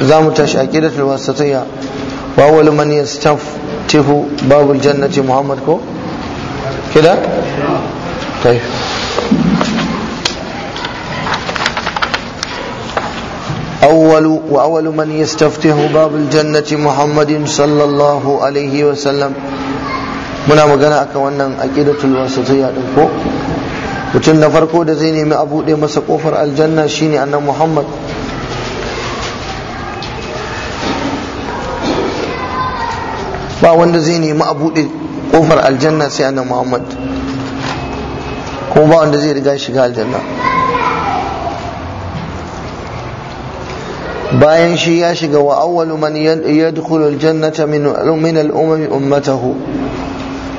za mu tashi a aqidatul wasatiyya wa ya man yastaftihu babul jannati muhammad ko kida ta طيب أول وأول من يستفتح باب الجنة محمد صلى الله عليه وسلم muna magana akan wannan aqidatul wasatiyya din ko mutum na farko da zai nemi a buɗe masa kofar aljanna shine annabi Muhammad ba wanda zai nemi a buɗe kofar aljanna sai annabi muhammad kuma ba wanda zai riga shiga aljanna bayan shi ya shiga wa awwalu man yadkhulu aljannata min min al-umami ummatahu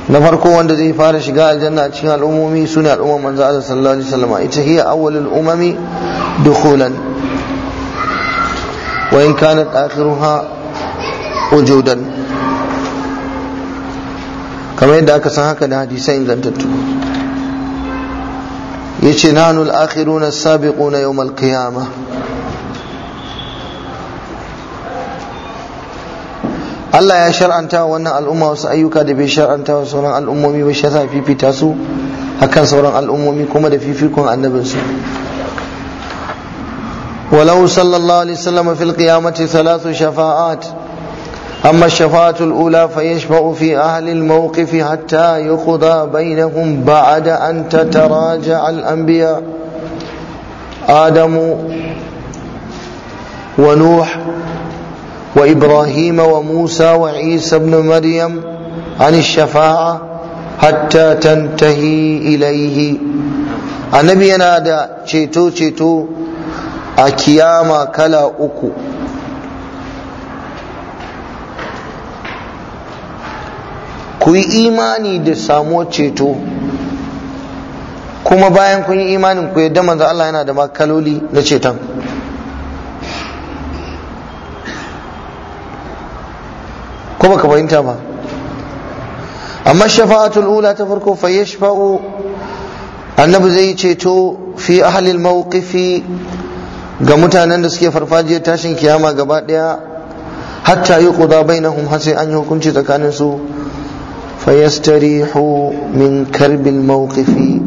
na farko wanda zai fara shiga aljanna cikin al'ummomi sune al'umman manzo Allah sallallahu alaihi wasallam ita hiya awwalul umami dukhulan wa in kanat akhiruha wujudan kamar yadda aka san haka da hadisai ingantattu yace nanu al-akhiruna na sabiquna na yau Malkiyama. Allah ya shar'anta wa wannan al'umma wasu ayyuka da bai shar'anta wa sauran al'ummomi ba shi yasa fifita su akan sauran al'ummomi kuma da fifikon annabinsu walau sallallahu alaihi wasallam fil qiyamati thalathu shafa'at أما الشفاعة الأولى فيشفع في أهل الموقف حتى يقضى بينهم بعد أن تتراجع الأنبياء آدم ونوح وإبراهيم وموسى وعيسى بن مريم عن الشفاعة حتى تنتهي إليه النبي ينادى شيتو شيتو أكياما كلا أكو Kuyi imani da samuwa ceto kuma bayan kun yi imanin ku yadda manzo Allah yana da makaloli na ceton ko baka fahimta ba amma shafa'atul ula ta farko fa yashfa'u annabi zai yi ceto fi ahlil mawqifi ga mutanen da suke farfajiyar tashin kiyama gaba daya hatta yuqda bainahum har sai an yi hukunci tsakanin su fayastarihu min karbil mawqifi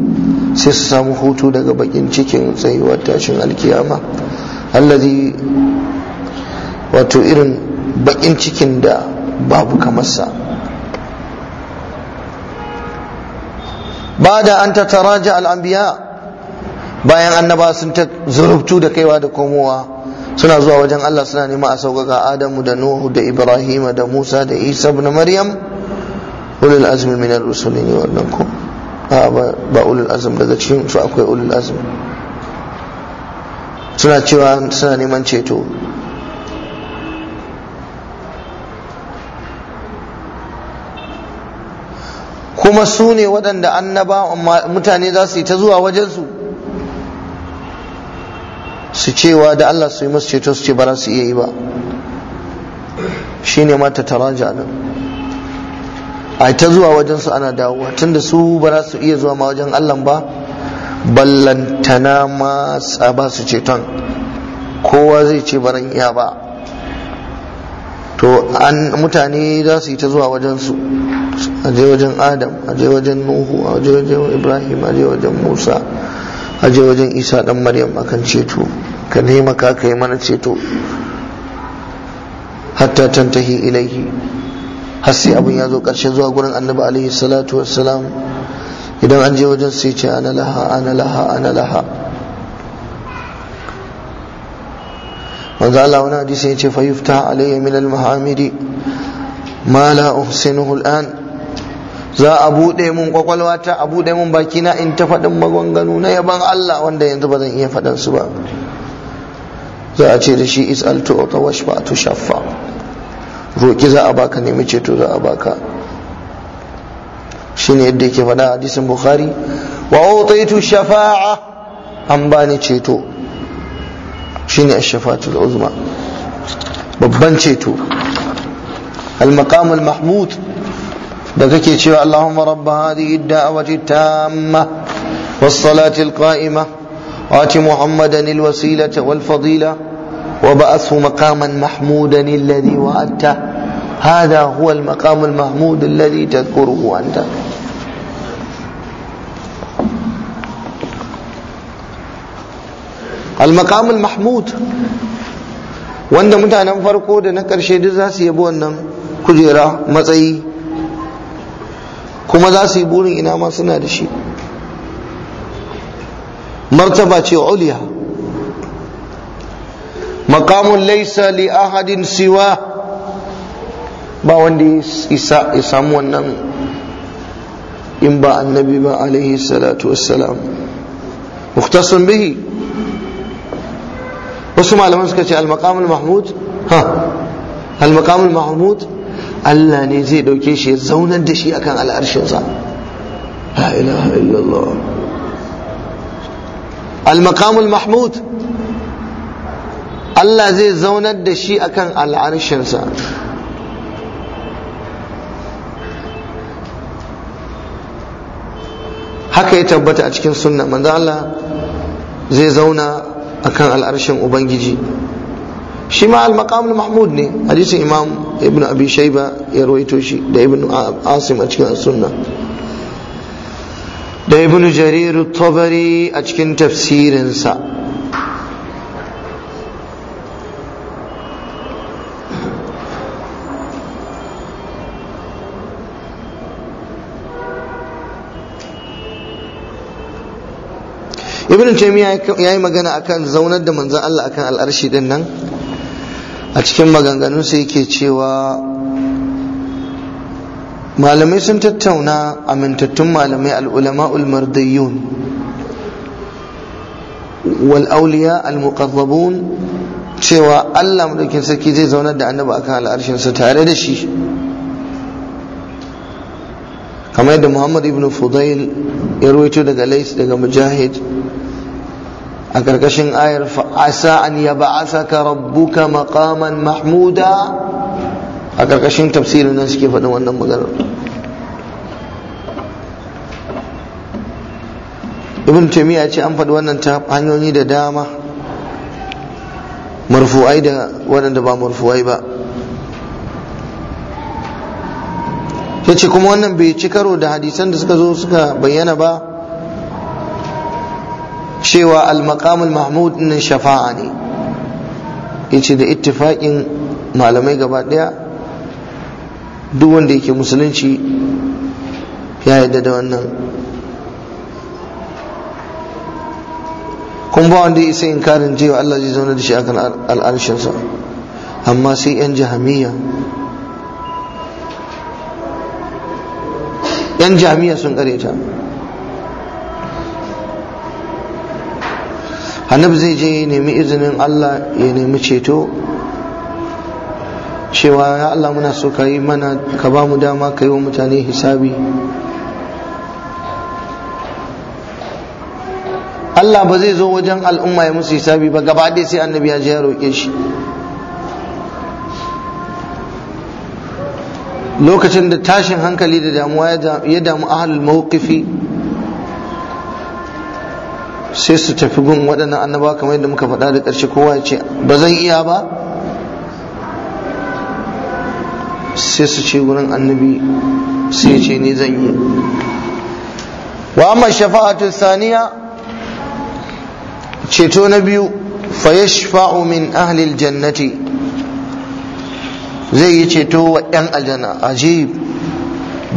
sai su samu hutu daga bakin cikin tsayuwar tashin alkiyama allazi wato irin bakin cikin da babu kamarsa ba da an ta taraja al'ambiya bayan annaba sun ta zurubtu da kaiwa da komowa suna zuwa wajen Allah suna nema a sauƙaƙa Adamu da Nuhu da Ibrahim da Musa da Isa ibn Maryam ulul azmi min ar-rusuli ne wannan ko a ba ulul azm daga cikin su akwai ulul azm suna cewa suna neman ceto kuma su ne waɗanda annaba mutane za su yi ta zuwa wajensu su cewa da Allah su yi masu ceto su ce ba za su iya yi ba Shi ne mata taraja din a ta zuwa wajen su ana dawowa tunda su ba za su iya zuwa ma wajen Allah ba ballantana ma ba su ceton kowa zai ce baran iya ba to an mutane za su yi ta zuwa wajen su a je wajen adam a je wajen nuhu a je wajen ibrahim a je wajen musa a je wajen isa dan maryam akan ceto ka nema ka kai mana ceto hatta tantahi ilaihi har sai abin ya zo ƙarshe zuwa gurin annabi alaihi salatu wassalam idan an je wajen sai ce ana laha ana laha ana laha Allah wani hadisi ya ce fa yufta alayya min al ma la uhsinuhu al za a buɗe mun kwakwalwa ta a buɗe mun baki na in ta faɗin maganganu na yaban Allah wanda yanzu ba zan iya faɗan su ba za a ce da shi is is'al tu'ta tu tushaffa roƙi za a baka nemi ceto za a baka shine yadda yake faɗa hadisin bukhari wa utaitu shafa'a an bani ceto shine ash-shafa'atul uzma babban ceto al-maqam al-mahmud da kake cewa Allahumma rabb hadhihi ad-da'wati at-tamma was-salati al-qa'imah آت محمدا الوسيلة والفضيلة وبعثه مقاما محمودا الذي وعدته هذا هو المقام المحمود الذي تذكره أنت المقام المحمود wanda mutanen farko da na karshe duk zasu su yabo wannan kujera matsayi kuma za yi burin ina ma suna da shi martaba ce uliya مقام ليس لأحد سواه با وندي إساء إسام ونن إنباء النبي ما عليه الصلاة والسلام مختص به بس ما علمان المقام المحمود ها المقام المحمود ألا نزيد وكيشي زونا دشي أكان على عرش وزا لا إله إلا الله المقام المحمود Allah zai zaunar da shi akan al'arshinsa haka ya tabbata a cikin sunna manzo Allah zai zauna akan al'arshin ubangiji shi ma al mahmud ne hadisin imam ibn abi shayba ya rawaito shi da ibn asim a cikin sunna da ibn jarir tabari a cikin tafsirinsa ibn ya yi magana akan zaunar da manzon Allah akan al'arshi din nan a cikin maganganun sa yake cewa malamai sun tattauna amintattun malamai al-ulama'ul mardiyyun wal awliya al-muqarrabun cewa Allah madaukin sarki zai zaunar da annabi akan al'arshin sa tare da shi kamar yadda Muhammad ibn Fudail ya ruwaito daga Lais daga Mujahid a ƙarƙashin ayar fa'asa an ya rabu ka maƙaman mahmuda a ƙarƙashin tafsirin nan suke faɗin wannan maganar ibn taymiya ce an faɗi wannan ta hanyoyi da dama marfu'ai da waɗanda ba marfu'ai ba ce kuma wannan bai ci karo da hadisan da suka zo suka bayyana ba cewa al-maqamul mahmud nan shafa'a ne yace da ittifaqin malamai gaba daya duk wanda yake musulunci ya yarda da wannan kun ba wanda isa inkarin cewa Allah zai zauna da shi akan sa. amma sai yan jahamiya yan jahamiya sun kareta annabi zai je nemi izinin Allah ya nemi ceto cewa ya Allah muna so ka yi mana ka ba mu dama ka yi wa mutane hisabi Allah ba zai zo wajen al'umma ya musu hisabi ba gaba ɗaya sai annabi ya je ya roƙe shi lokacin da tashin hankali da damuwa ya damu ahalul mawqifi sai su tafi gun waɗannan annaba kamar yadda muka faɗa da ƙarshe kowa ya ce ba zan iya ba sai su ce wurin annabi sai ce ni zan yi wa amma shafa'atu saniya ceto na biyu fa yashfa'u min ahli aljannati zai yi ceto wa ɗan aljanna ajib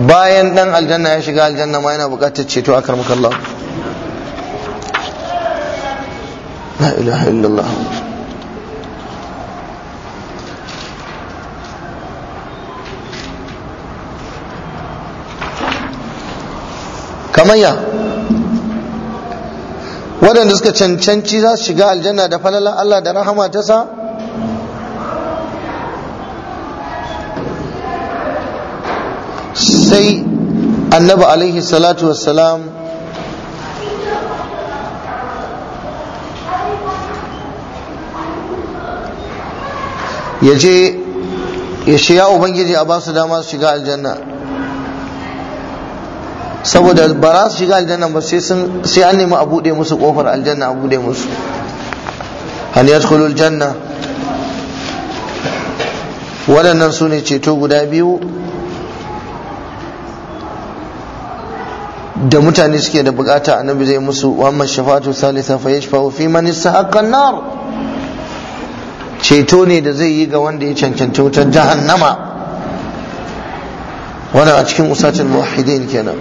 bayan ɗan aljanna ya shiga aljanna ma yana buƙatar ceto a karmakallah لا إله إلا الله كما كمية ودن دسك چن چن چيزا شغا الجنة دفلالا الله درحمة تسا سي النبي عليه الصلاة والسلام ya je ya ce ubangiji a basu dama su shiga aljanna saboda ba za su shiga aljanna ba sai an nemi a bude musu kofar aljanna a bude musu hal kulul janna waɗannan su ne ceto guda biyu da mutane suke da bukata annabi zai musu wa amma shafatu salisa fa yashfa'u fi man istahaqqa an-nar ceto ne da zai yi ga wanda ya cancanci wutar jahannama wannan a cikin usatul muwahhidin kenan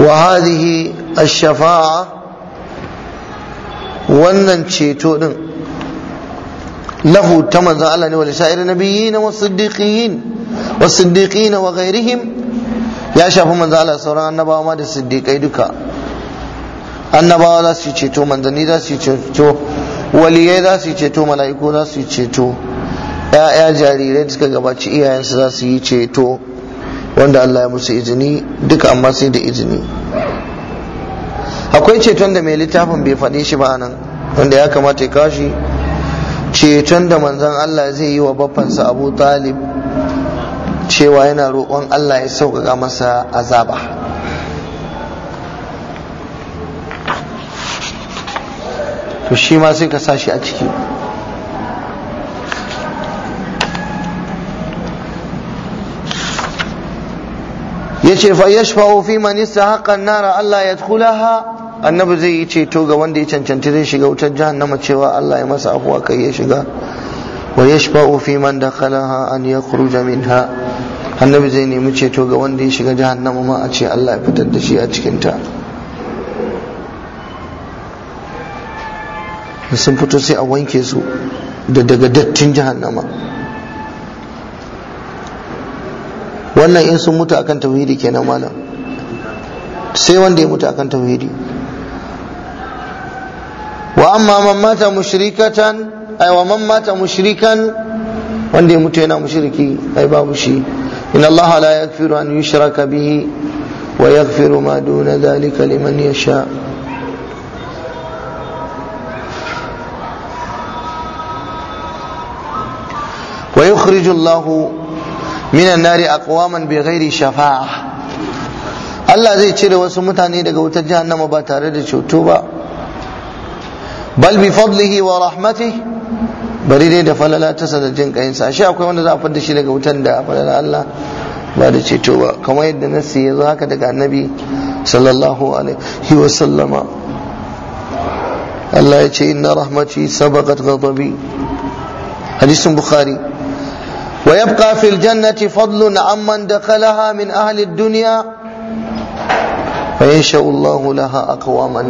وهذه الشفاعة wannan ceto din lahu ta manzo Allah ne wa lisa'ir nabiyyin wa siddiqin wa siddiqin wa ghairihim ya shafi manzo Allah sauran annabawa ma da siddiƙai duka annabawa za su ceto manzanni za su ceto waliyai za su ceto mala'iku za su ceto ya'ya jarirai suka gabaci iyayensu za su yi ceto wanda Allah ya musu izini duka amma sai da izini akwai ceton da mai littafin bai faɗi shi ba nan wanda ya kamata ya kashi ceton da Manzan Allah zai yi wa baffansa Abu Talib cewa yana roƙon Allah ya sauƙaƙa masa azaba to shi ma sai ka sa shi a ciki ya ce fa ya shafa ofi manista haƙan nara Allah ya kulaha. annabi zai yi ceto ga wanda ya cancanci zai shiga wutar jahannama cewa Allah ya masa afuwa kai ya shiga wa yashfa'u fi man dakhalaha an jami'in ha. annabi zai nemi ceto ga wanda ya shiga jahannama ma a ce Allah ya fitar da shi a cikinta sun fito sai a wanke su da daga dattin jahannama wannan in sun mutu akan tauhidi kenan malam sai wanda ya mutu akan tauhidi wa amma man mata mushrikatan ay wa man mata mushrikan wanda ya mutu yana mushriki ai babu shi إن الله لا يغفر أن يشرك به ويغفر ما دون ذلك لمن يشاء ويخرج الله من النار أقواما بغير شفاعة الله زي تشير وسمتاني لقو تجهنم باتاردش وتوبا بل بفضله ورحمته bari dai da falala ta sanadin kayinsa shi akwai wanda za a fadda shi daga wutan da falala Allah ba da ceto ba kamar yadda nasi ya zo haka daga annabi sallallahu alaihi wa sallama Allah ya ce inna rahmati sabaqat ghadabi hadisin bukhari wa yabqa fil jannati fadlun amman dakhalaha min ahli ad-dunya fa yasha'u Allah laha aqwaman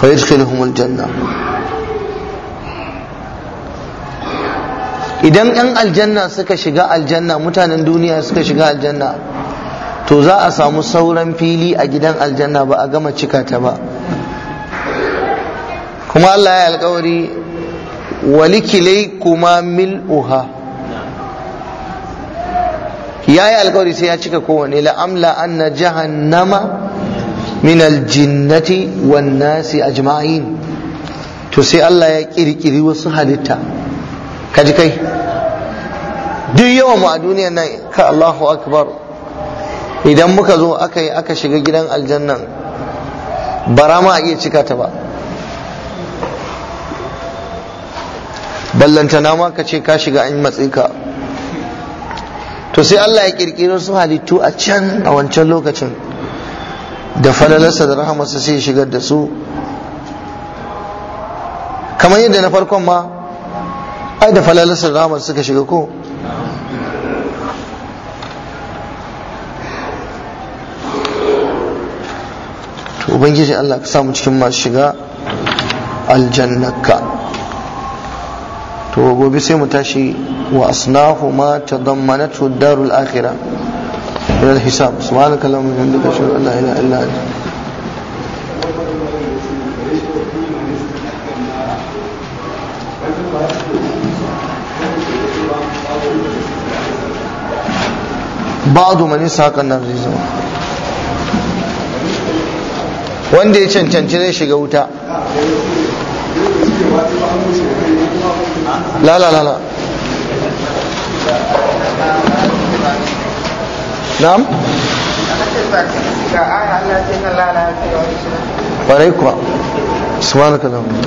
فيدخلهم الجنة idan 'yan aljanna suka shiga aljanna mutanen duniya suka shiga aljanna to za a samu sauran fili a gidan aljanna ba a gama cika ta ba kuma Allah ya alkawari walikilai kuma mil'uha ya yi alkawari sai ya cika kowane la'amla jihan jahannama min aljinnati wan nasi ajma'in to sai Allah ya kirkiri wasu halitta kaji kai duk yawan mu a duniya nan ka Allahu akbar idan muka zo aka yi aka shiga gidan aljannan bara ma a iya cika ta ba ballantana ma ka ce ka shiga an matsi ka to sai Allah ya ƙirƙiri wasu halittu a can a wancan lokacin da falalarsa da rahamarsa sai ya shigar da su kamar yadda na farkon ma ai da falalarsa da rahamarsa suka shiga ko to ubangiji Allah ka samu cikin masu shiga aljannaka to gobe sai mu tashi wa asnahu ma tadammanatu darul akhirah من الحساب سبحانك اللهم وبحمدك اشهد ان لا اله الا انت بعض من يساق النار wanda ya cancanci zai shiga wuta la la la la na'am ƙwarai kuwa subhanakallahumma